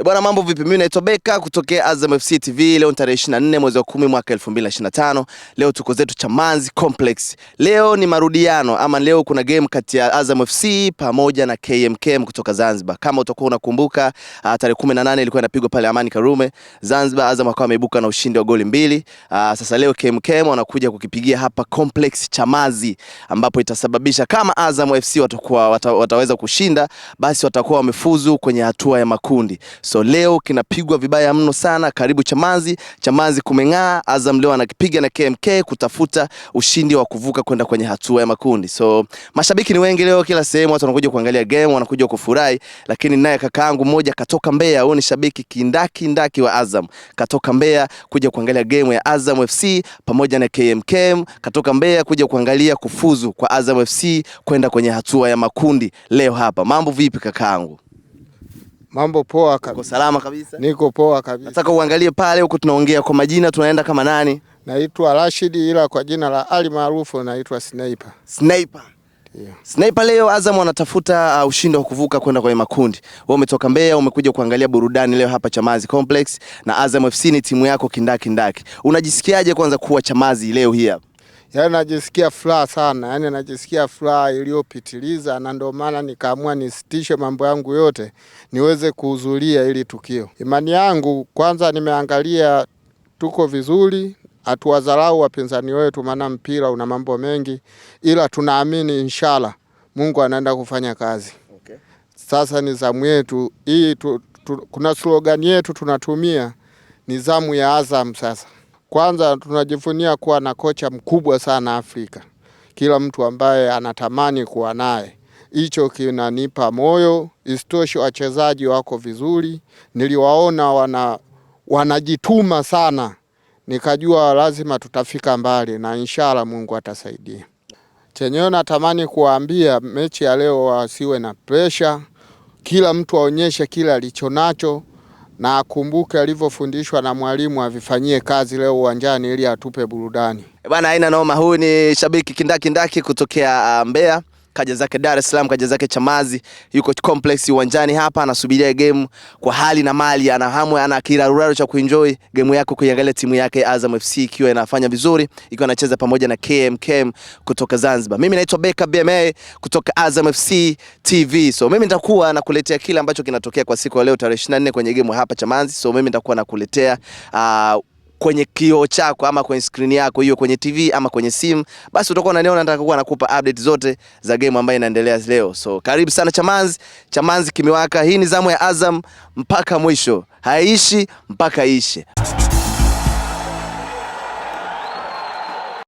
Eh, bwana, mambo vipi? Mimi naitwa Beka kutokea Azam FC TV. Leo tarehe 24 mwezi wa 10 mwaka 2025. Leo tuko zetu Chamazi Complex. Leo ni marudiano ama leo kuna game kati ya Azam FC pamoja na KMKM kutoka Zanzibar. Kama utakuwa unakumbuka, ah, tarehe 18 ilikuwa inapigwa pale Amani Karume. Zanzibar Azam akawa ameibuka na ushindi wa goli mbili. Ah, sasa leo KMKM wanakuja kukipigia hapa Complex Chamazi ambapo itasababisha kama Azam FC watakuwa wata, wataweza kushinda, basi watakuwa wamefuzu kwenye hatua ya makundi. So leo kinapigwa vibaya mno sana, karibu Chamazi. Chamazi kumeng'aa. Azam leo anakipiga na KMK kutafuta ushindi wa kuvuka kwenda kwenye hatua ya makundi. So mashabiki ni wengi leo, kila sehemu watu wanakuja kuangalia game, wanakuja kufurahi. Lakini naye kakaangu mmoja katoka Mbeya, huyo ni shabiki kindaki ndaki wa Azam, katoka Mbeya kuja kuangalia game ya Azam FC pamoja na KMK, katoka Mbeya kuja kuangalia kufuzu kwa Azam FC kwenda kwenye hatua ya makundi leo hapa. Mambo vipi kakaangu? Mambo poa kabisa. Uko salama kabisa? Niko poa kabisa. Nataka uangalie pale huko tunaongea kwa majina tunaenda kama nani? Naitwa Rashid ila kwa jina la Ali maarufu naitwa Sniper. Sniper. Yeah. Sniper, leo Azam wanatafuta uh, ushindi wa kuvuka kwenda kwenye makundi. Wewe umetoka Mbeya umekuja kuangalia burudani leo hapa Chamazi Complex na Azam FC ni timu yako kindaki kindaki. Unajisikiaje kwanza kuwa Chamazi leo hii hapa? yani najisikia furaha sana, yani najisikia furaha iliyopitiliza, na ndio maana nikaamua nisitishe mambo yangu yote niweze kuhudhuria ili tukio. Imani yangu kwanza, nimeangalia tuko vizuri, hatuwadharau wapinzani wetu, maana mpira una mambo mengi, ila tunaamini inshallah Mungu anaenda kufanya kazi. Okay. Sasa ni zamu yetu hii tu, tu, kuna slogan yetu tunatumia ni zamu ya Azam sasa. Kwanza tunajivunia kuwa na kocha mkubwa sana Afrika, kila mtu ambaye anatamani kuwa naye. Hicho kinanipa moyo. Isitoshe, wachezaji wako vizuri, niliwaona wana wanajituma sana, nikajua lazima tutafika mbali na inshallah Mungu atasaidia. Chenyewe natamani kuwaambia mechi ya leo wasiwe na presha, kila mtu aonyeshe kile alichonacho na akumbuke alivyofundishwa na mwalimu avifanyie kazi leo uwanjani ili atupe burudani bwana. Haina noma. Huyu ni shabiki kindakindaki kutokea uh, Mbeya kaja zake Dar es Salaam, kaja zake Chamazi, yuko complex uwanjani hapa anasubiria game kwa hali na mali, ana hamu, ana kiraruraro cha kuenjoy game yako, kuiangalia timu yake Azam FC ikiwa inafanya vizuri, ikiwa anacheza pamoja na KMKM kutoka Zanzibar. Mimi naitwa Beka BMA kutoka Azam FC TV. So mimi nitakuwa nakuletea kile ambacho kinatokea kwa siku ya leo tarehe 24 kwenye game hapa Chamazi. So mimi nitakuwa nakuletea uh, kwenye kioo chako ama kwenye skrini yako hiyo kwenye TV ama kwenye simu, basi utakuwa unaniona kuwa nakupa update zote za game ambayo inaendelea leo. So karibu sana Chamazi, Chamazi kimewaka. Hii ni zamu ya Azam mpaka mwisho, haishi mpaka ishe.